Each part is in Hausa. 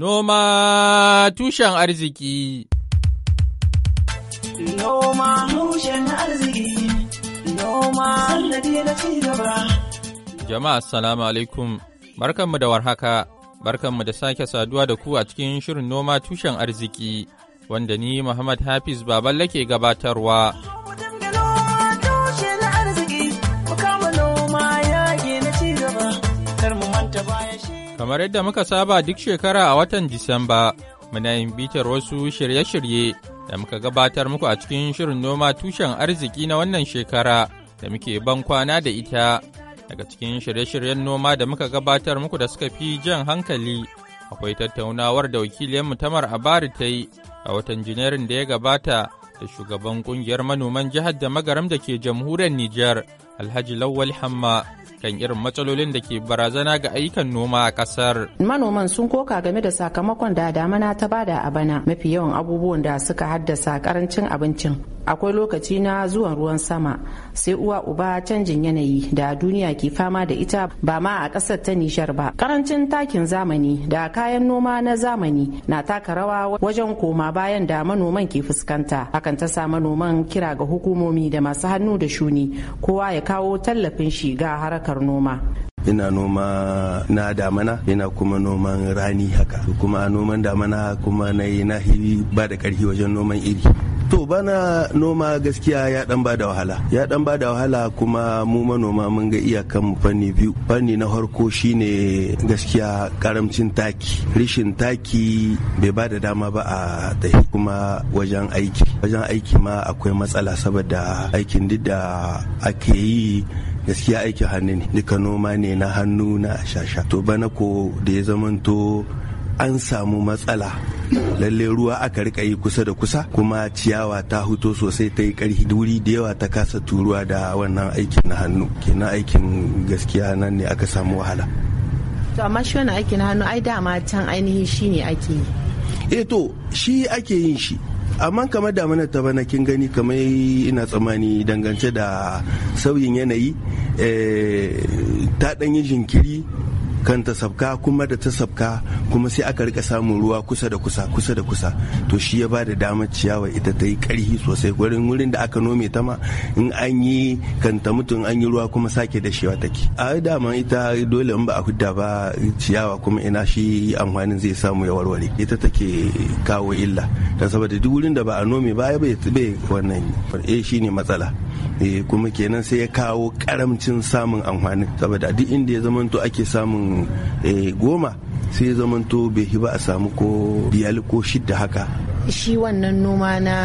Noma tushen arziki Noma tushen arziki Noma sannadi na cigaba Jama'a salamu alaikum barkanmu da warhaka barkanmu da sake saduwa da ku a cikin shirin noma tushen arziki wanda ni Muhammad Hafiz Baballe ke gabatarwa. Noma tushen arziki, mu kama noma yaƙi na cigaba, kar mu Kamar yadda muka saba duk shekara a watan Disamba, muna yin bitar wasu shirye-shirye da muka gabatar muku a cikin shirin noma tushen arziki na wannan shekara da muke ban kwana da ita. Daga cikin shirye-shiryen noma da muka gabatar muku da suka fi jan hankali, akwai tattaunawar da wakiliyar Tamar Abari ta yi a watan Janairun da ya gabata da shugaban kungiyar manoman jihar da magaram da ke jamhuriyar Nijar Alhaji Lawal Hamma kan irin matsalolin da ke barazana ga ayyukan noma a kasar. Manoman sun koka game da sakamakon da damana ta bada a bana mafi yawan abubuwan da suka haddasa karancin abincin. Akwai lokaci na zuwan ruwan sama sai uwa uba canjin yanayi da duniya ke fama da ita ba ma a ƙasar ta nishar ba. Karancin takin zamani da kayan noma na zamani na taka rawa wajen koma bayan da manoman ke fuskanta. Hakan ta sa manoman kira ga hukumomi da masu hannu da shuni kowa ya kawo tallafin shiga harakar noma ina noma na damana ina kuma noman rani haka kuma a noman damana kuma na yi na ba da karfi wajen noman iri to bana noma gaskiya ya dan ba da wahala ya dan ba da wahala kuma mu manoma mun ga iya kan fanni biyu fanni na harko shine gaskiya karamcin taki rishin taki bai ba da dama ba a tafi kuma wajen aiki wajen aiki ma akwai matsala saboda aikin duk da ake yi gaskiya aikin hannu ne duka noma ne na hannu na shasha to bana ko da ya zamanto an samu matsala lalle ruwa aka rika yi kusa da kusa kuma ciyawa ta huto sosai ta yi karhi duri da yawa ta kasa turuwa da wannan aikin na hannu kenan aikin gaskiya nan ne aka samu wahala to amma shi wannan aikin hannu ai dama can ainihi ne ake yi eh to shi ake yin shi amma kamar mana ta bana kin gani kamar ina tsammani dangance da sauyin yanayi eh, ta ɗanyi jinkiri kan ta sabka kuma da ta sabka kuma sai aka rika samun ruwa kusa da kusa kusa da kusa to shi ya bada da damar ciyawa ita ta yi karhi sosai gurin wurin da aka nome ta ma in an yi kanta mutum an yi ruwa kuma sake da shewa take a dama ita dole in ba a fidda ba ciyawa kuma ina shi amfanin zai samu ya warware ita take kawo illa don saboda duk wurin da ba a nome ba ya bai wannan eh shine matsala eh kuma kenan sai ya kawo karamcin samun amfanin saboda duk inda ya zamanto ake samun eh, goma sai ya zamanto bai ba a samu ko biyar ko shidda haka shi wannan noma na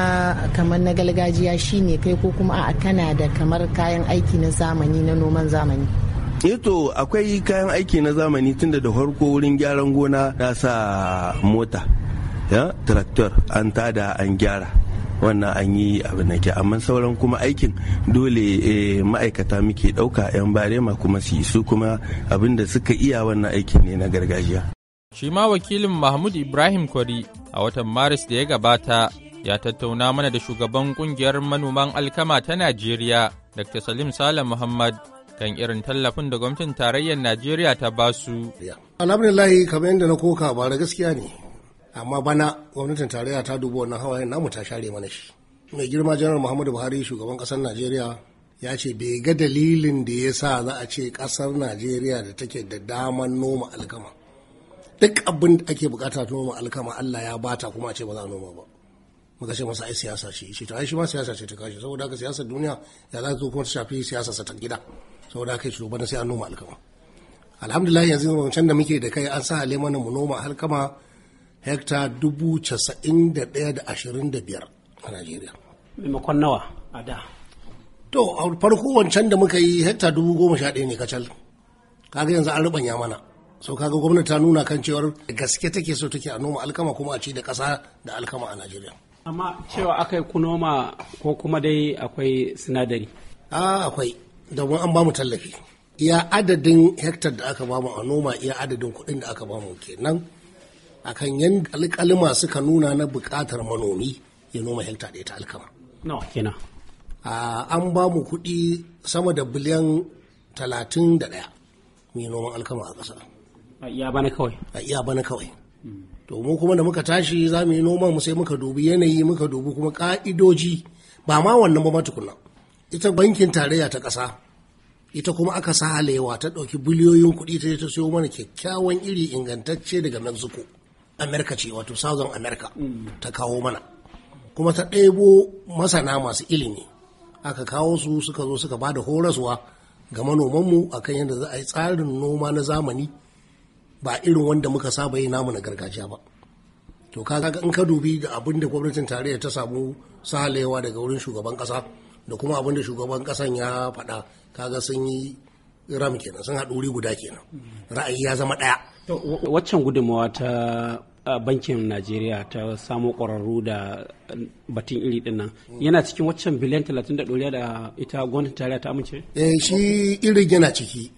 kamar na gargajiya shine kai ko kuma a kana da kamar kayan aiki na zamani na noman zamani eh to akwai kayan aiki na zamani tunda da harko wurin gyaran gona na sa mota ya traktor an tada an gyara wannan an yi abin da ke amma sauran kuma aikin dole eh, ma'aikata muke ɗauka 'yan barema kuma su yi su kuma abin da suka iya wannan aikin ne na gargajiya. Shi ma wakilin Mahmud Ibrahim Kwari a watan Maris da ya gabata ya tattauna mana da shugaban kungiyar manoman alkama ta Najeriya, Dr. Salim Salam Muhammad, kan irin tallafin da gwamnatin tarayyar Najeriya ta basu. Alhamdulillah kamar yadda na koka bara gaskiya ne. amma bana gwamnatin tarayya ta duba wannan hawayen namu ta share mana shi mai girma janar muhammadu buhari shugaban kasar najeriya ya ce bai ga dalilin da ya sa za a ce kasar najeriya da take da daman noma alkama duk abin da ake bukata noma alkama allah ya bata kuma a ce ba za a noma ba muka ce masa ai siyasa ce shi ta shi ma siyasa ce ta kashi saboda haka siyasar duniya ya za ta kuma ta shafi siyasar sa ta gida saboda haka shi bana sai an noma alkama alhamdulillah yanzu zancen da muke da kai an sa lemana mu noma alkama hekta dubu casa'in da ɗaya da ashirin da biyar a Najeriya. Maimakon nawa a da? To, a farko wancan da muka yi hekta dubu goma sha ɗaya ne kacal. Kaga yanzu an rubanya mana. So kaga gwamnati ta nuna kan cewar gaske take so take a noma alkama kuma a ci da kasa da alkama a Najeriya. Amma cewa aka yi kunoma ko kuma dai akwai sinadari? A akwai, domin an bamu tallafi. Iya adadin hektar da aka bamu a noma iya adadin kuɗin da aka bamu kenan. akan yan alƙalima suka nuna na buƙatar manomi ya noma hekta ɗaya ta alkama. Nawa kina? An ba mu kuɗi sama da biliyan talatin da ɗaya mai noman alkama a ƙasa. A iya bana kawai? A iya bana kawai. To mu kuma da muka tashi za mu yi noma mu sai muka dubi yanayi muka dubi kuma ƙa'idoji ba ma wannan ba ma tukunna. Ita bankin tarayya ta ƙasa ita kuma aka sa halewa ta ɗauki biliyoyin kuɗi ta ta siyo mana kyakkyawan iri ingantacce daga Mexico. Amurka ce wato southern america mm. ta kawo mana kuma ta ɗebo masana masu ilimi aka kawo su suka zo suka ba da horaswa ga manomanmu akan yadda za a yi tsarin noma na zamani ba irin wanda muka saba yi namu na gargajiya ba to kaga in ka dubi da abin da gwamnatin tarayya ta samu sahalewa daga wurin shugaban kasa da kuma abin da shugaban kasan ya faɗa kaga sun yi ram kenan sun haɗu wuri guda kenan mm. ra'ayi ya zama ɗaya waccan gudunmawa ta bankin najeriya ta samo ƙwararru da batun iri din nan yana cikin waccan biliyan talatin da ɗoriya da ita gwamnatin tarayya ta amince? eh shi irin yana ciki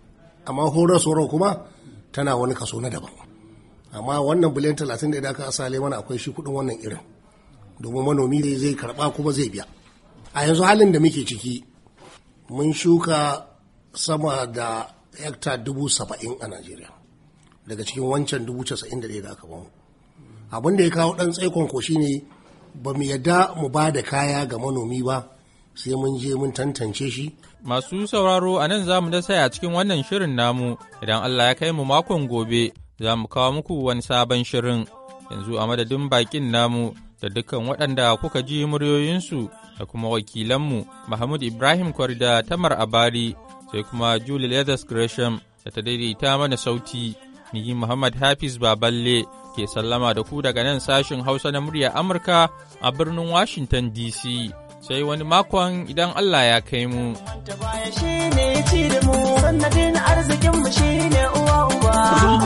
amma horaswar kuma tana wani kaso na daban amma wannan biliyan talatin da aka asale mana akwai shi kuɗin wannan irin domin manomi zai karba kuma zai biya a yanzu halin da muke ciki mun shuka sama da hekta dubu saba'in a najeriya daga cikin wancan dubu casa'in da aka bamu abin da ya kawo ɗan tsaikon ko shine ba mu yadda mu ba da kaya ga manomi ba sai mun je mun tantance shi masu sauraro a nan za mu da saya cikin wannan shirin namu idan allah ya kai mu makon gobe za mu kawo muku wani sabon shirin yanzu a madadin bakin namu da dukkan waɗanda kuka ji muryoyinsu da kuma wakilanmu Mahmud Ibrahim Kwarida, Tamar Abari sai kuma Julie Leathers Gresham da ta daidaita mana sauti. Ni Muhammad Hafiz Baballe ke sallama da ku daga nan sashin Hausa na murya Amurka a birnin Washington DC. Sai wani makon idan Allah ya kai mu. arzikinmu shine uwa